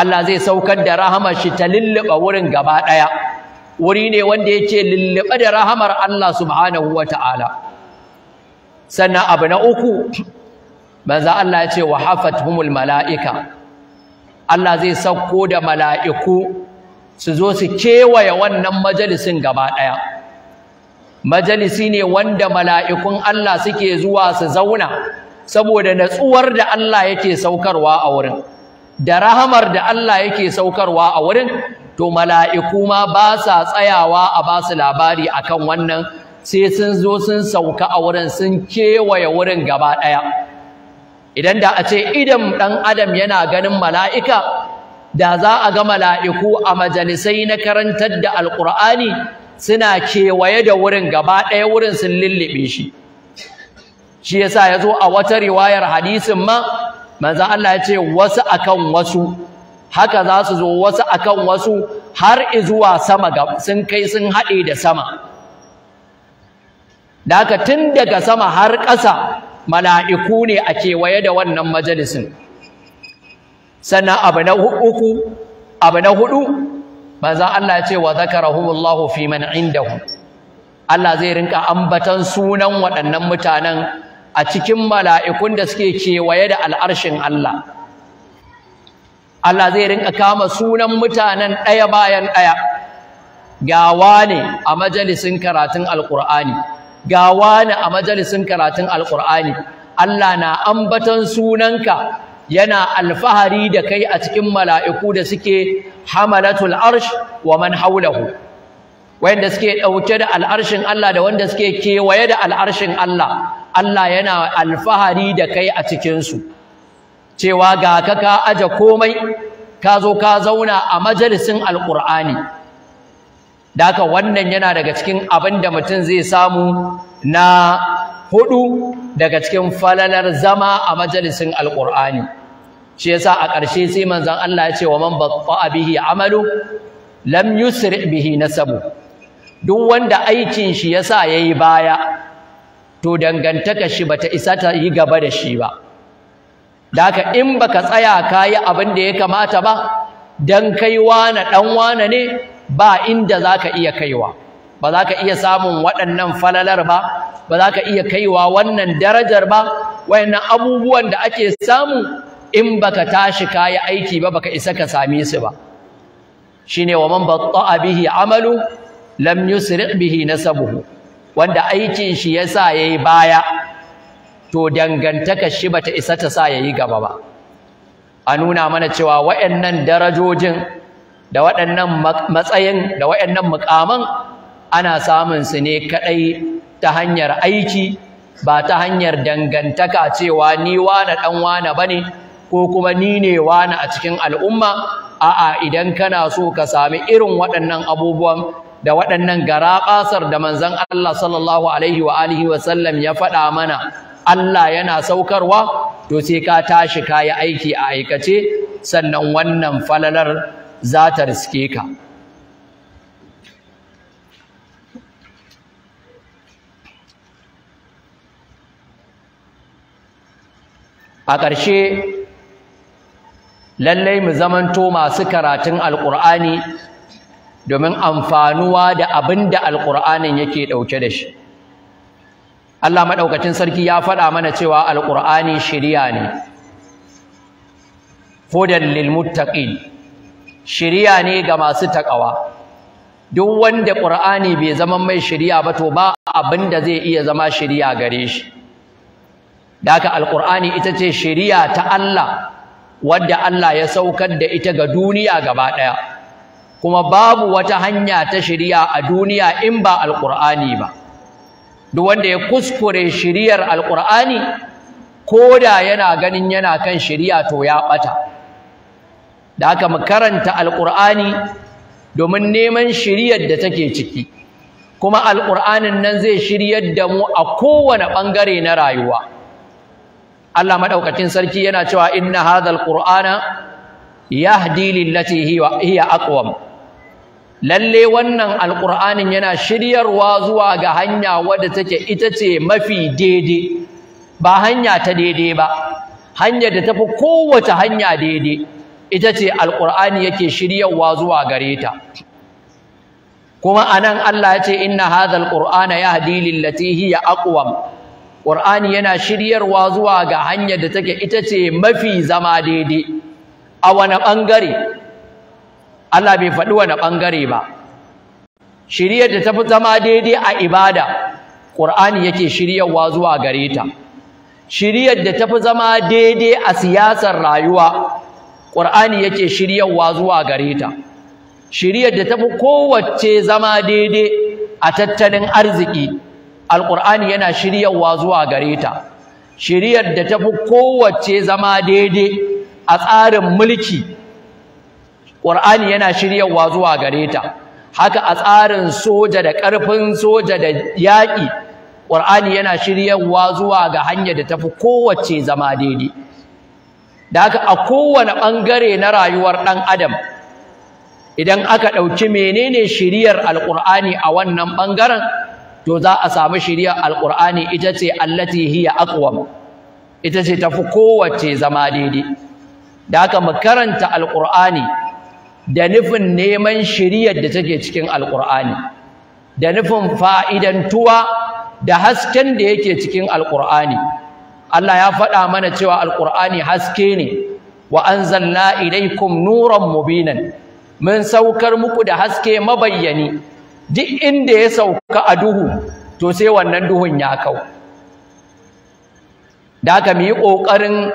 Allah zai saukar da rahamar shi ta lullube wurin gaba ɗaya wuri ne wanda yake lullube da rahamar Allah subhanahu wataala sannan abu na uku Manza Allah ya ce wa malaika Allah zai sauko da mala'iku su zo su kewaye wannan majalisin gaba ɗaya majalisi ne wanda mala'ikun Allah suke zuwa su zauna saboda natsuwar da Allah yake saukarwa a wurin da rahamar da Allah yake saukarwa a wurin to mala'iku ma ba sa tsayawa a ba su labari akan wannan sai sun zo sun sauka a wurin sun kewaye wurin gaba ɗaya idan da a ce idan ɗan adam yana ganin mala'ika da za a ga mala'iku a majalisai na karantar da alƙur'ani suna kewaye da wurin gaba ɗaya wurin sun lullube shi shi yasa ya zo a wata riwayar hadisin ma manzo Allah ya ce wasu akan wasu haka za su zo wasu akan wasu har zuwa sama ga sun kai sun haɗe da sama da haka tun daga sama har ƙasa mala'iku ne a kewaye da wannan majalisin sannan abu na uku abu na hudu Allah ya ce wa zakarahumullahu fi man indahu Allah zai rinka ambatan sunan waɗannan mutanen a cikin mala'ikun da suke kewaye da al'arshin Allah Allah zai rinka kama sunan mutanen ɗaya bayan ɗaya gawa ne a majalisin karatun alƙur'ani gawa ne a majalisin karatun alƙur'ani Allah na ambaton sunanka yana alfahari da kai a cikin mala'iku da suke hamalatul arsh wa man haulahu wanda suke ɗauke da al'arshin Allah da wanda suke kewaye da al'arshin Allah Allah yana alfahari da kai a cikin su cewa ga ka ka aje komai ka zo ka zauna a majalisin alqur'ani daka wannan yana daga cikin abin da mutum zai samu na hudu daga cikin falalar zama a majalisin alqur'ani shi yasa a ƙarshe sai manzon Allah ya ce wa man baqa bihi amalu lam yusri bihi nasabu duk wanda aikin shi yasa yayi baya to dangantaka shi bata isa ta yi gaba da shi ba daka in baka tsaya kayi abin da ya kamata ba dan kai wana dan wana ne ba inda zaka iya kaiwa ba za ka iya samun waɗannan falalar ba ba za ka iya kaiwa wannan darajar ba wayannan abubuwan da ake samu in baka tashi kayi aiki ba baka isa ka same su ba shine wa man batta'a bihi amalu lam yusri' bihi nasabuhu wanda aikin shi yasa yayi baya to dangantaka shi bata isa ta sa yayi gaba ba a nuna mana cewa waɗannan darajojin da waɗannan matsayin da waɗannan mukaman ana samun su ne kadai ta hanyar aiki ba ta hanyar dangantaka cewa ni wane dan wane bane ko kuma ni ne wane a cikin al'umma a'a idan kana so ka sami irin waɗannan abubuwan da waɗannan garaƙasar da manzon Allah sallallahu alaihi wa alihi wa sallam ya faɗa mana Allah yana saukarwa to sai ka tashi ka yi aiki a aikace sannan wannan falalar za ta riske ka a ƙarshe lallai mu zamanto masu karatun alƙur'ani domin amfanuwa da abin da alƙur'anin yake ɗauke da shi Allah madaukakin sarki ya faɗa mana cewa alqur'ani shiriya ne hudan lil shiriya ne ga masu takawa duk wanda ƙur'ani bai zama mai shiriya ba to ba abinda zai iya zama shiriya gare shi da haka alqur'ani ita ce shiriya ta Allah wadda Allah ya saukar da ita ga duniya gaba daya kuma babu wata hanya ta shiriya a duniya in ba Alƙur'ani ba duk wanda ya kuskure shiriyar alqur'ani koda yana ganin yana kan shiriya to ya bata da haka mu karanta alqur'ani domin neman shiriyar da take ciki kuma alqur'anin nan zai shiryar da mu a kowane bangare na rayuwa Allah madaukakin sarki yana cewa inna hadhal qur'ana yahdi lillati hiya aqwam lalle wannan alƙur'anin yana shiryarwa zuwa ga hanya wadda take ita ce mafi daidai ba hanya ta daidai ba hanya da tafi kowace hanya daidai ita ce alƙur'ani yake shiryarwa zuwa gare ta kuma anan Allah ya ce inna hadhal qur'ana yahdi lati hiya aqwam qur'ani yana shiryarwa zuwa ga hanya da take ita ce mafi zama daidai a wani bangare Allah bai faɗi wani ɓangare ba shiriyar da ta fi zama daidai a ibada ƙur'ani yake shiryarwa zuwa gare ta shiriyar da ta fi zama daidai a siyasar rayuwa ƙur'ani yake shiryarwa zuwa gare ta shiriyar da ta fi kowace zama daidai a tattalin arziki alƙur'ani yana shiryarwa zuwa gare ta shiriyar da ta fi kowace zama daidai a tsarin mulki Qur'ani yana shiryawa zuwa gare ta haka a tsarin soja da ƙarfin soja da yaƙi Qur'ani yana shiryawa zuwa ga hanyar da tafi kowace zama daidai da haka a kowane ɓangare na rayuwar ɗan adam idan aka ɗauki menene shiryar alƙur'ani a wannan ɓangaren to za a samu shiryar alƙur'ani ita ce allati hiya aqwam ita ce tafi kowace zama daidai da haka mu karanta alƙur'ani da nufin neman shiriyar da take cikin alƙur'ani da nufin fa'idantuwa da hasken da yake cikin alƙur'ani Allah ya faɗa mana cewa alƙur'ani haske ne wa anzalna ilaikum nuran mubinan mun saukar muku da haske mabayyani duk inda ya sauka a duhu to sai wannan duhun ya kau da aka mu yi ƙoƙarin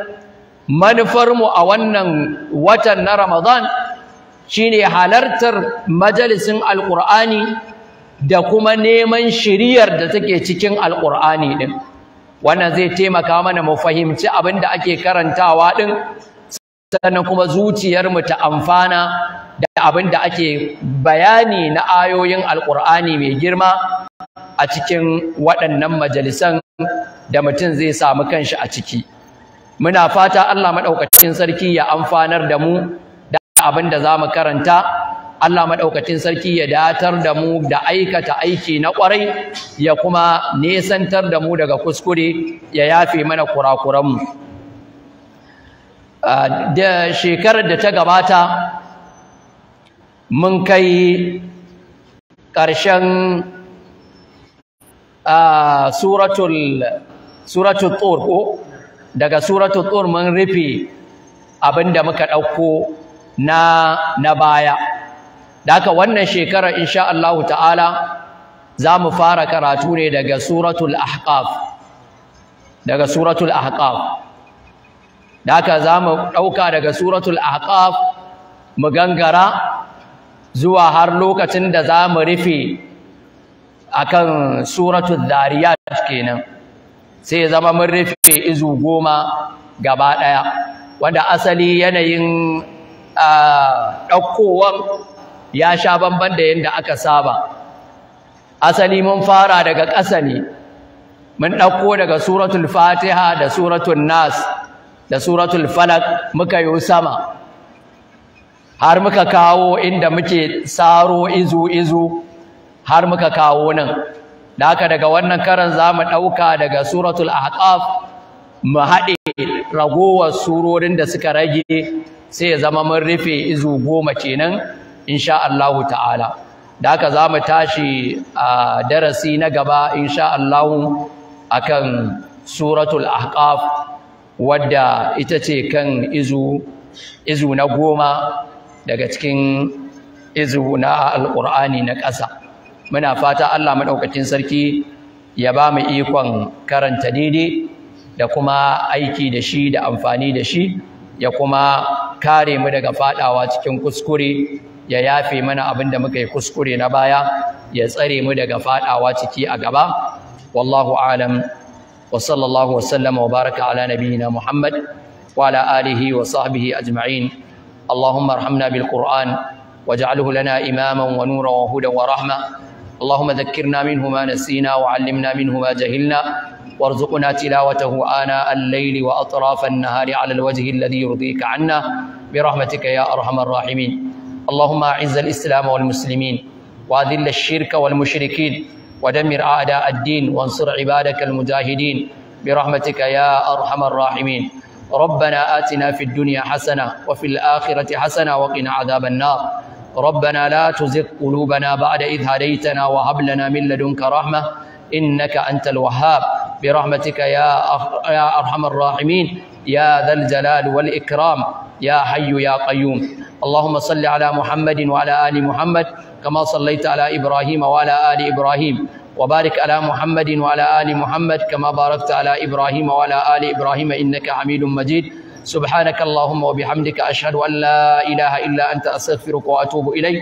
manufarmu a wannan watan na Ramadan shine halartar majalisin alqur'ani da kuma neman shiriyar da take cikin alqur'ani din wannan zai taimaka mana mu fahimci abin da ake karantawa din sannan kuma zuciyar mu ta amfana da abin da ake bayani na ayoyin Alƙur'ani mai girma a cikin waɗannan majalisan da mutum zai samu kanshi a ciki muna fata Allah maɗaukacin sarki ya amfanar da mu abin da za mu karanta Allah maɗaukacin sarki ya datar da mu da aikata aiki na kwarai, ya kuma nesantar da mu daga kuskure ya yafe mana kurakuranmu da shekarar da ta gabata mun kai ƙarshen suratul suratul daga suratul tsoro mun rufe abin da muka ɗauko na na baya da haka wannan shekara insha Allah ta'ala za mu fara karatu ne daga suratul ahqaf daga suratul ahqaf da haka za mu ɗauka daga suratul ahqaf mu gangara zuwa har lokacin da za mu rufe akan suratul dariyat kenan sai zama mun rufe izu goma gaba ɗaya wanda asali yanayin ɗaukowar ya sha bamban da yadda aka saba asali mun fara daga ƙasa ne mun ɗauko daga suratul fatiha da suratul nas da suratul falak muka yi sama har muka kawo inda muke tsaro izu-izu har muka kawo nan da haka daga wannan karan za mu ɗauka daga suratul ahqaf mu haɗe ragowar surorin da suka rage sai ya zama mun rufe izu goma kenan insha Allahu ta'ala da haka za mu tashi a darasi na gaba insha Allahu akan suratul ahqaf wadda ita ce kan izu izu na goma daga cikin izu na alqur'ani na ƙasa muna fata Allah maɗaukacin sarki ya ba mu ikon karanta daidai da kuma aiki da shi da amfani da shi ya kuma kare mu daga fadawa cikin kuskure ya yafe mana abin da muka yi kuskure na baya ya tsare mu daga fadawa ciki a gaba wallahu alam wa sallallahu wa sallama wa baraka ala nabiyyina muhammad wa ala alihi wa sahbihi ajma'in allahumma arhamna bil qur'an واجعله لنا إماما ونورا وهدى ورحمة اللهم ذكرنا منه ما نسينا وعلمنا منه ما جهلنا وارزقنا تلاوته آناء الليل وأطراف النهار على الوجه الذي يرضيك عنا برحمتك يا أرحم الراحمين اللهم أعز الإسلام والمسلمين وأذل الشرك والمشركين ودمر أعداء الدين وانصر عبادك المجاهدين برحمتك يا أرحم الراحمين ربنا آتنا في الدنيا حسنة وفي الآخرة حسنة وقنا عذاب النار ربنا لا تزغ قلوبنا بعد إذ هديتنا وهب لنا من لدنك رحمة innaka antal wahhab bi rahmatika ya arhamar rahimin ya dzal jalal wal ikram ya hayyu ya qayyum Allahuma salli ala muhammadin wa ala ali muhammad kama sallaita ala ibrahim wa ala ali ibrahim وبارك على محمد وعلى آل محمد كما باركت على إبراهيم وعلى آل إبراهيم إنك حميد مجيد سبحانك اللهم وبحمدك أشهد أن لا إله إلا أنت أستغفرك وأتوب إليك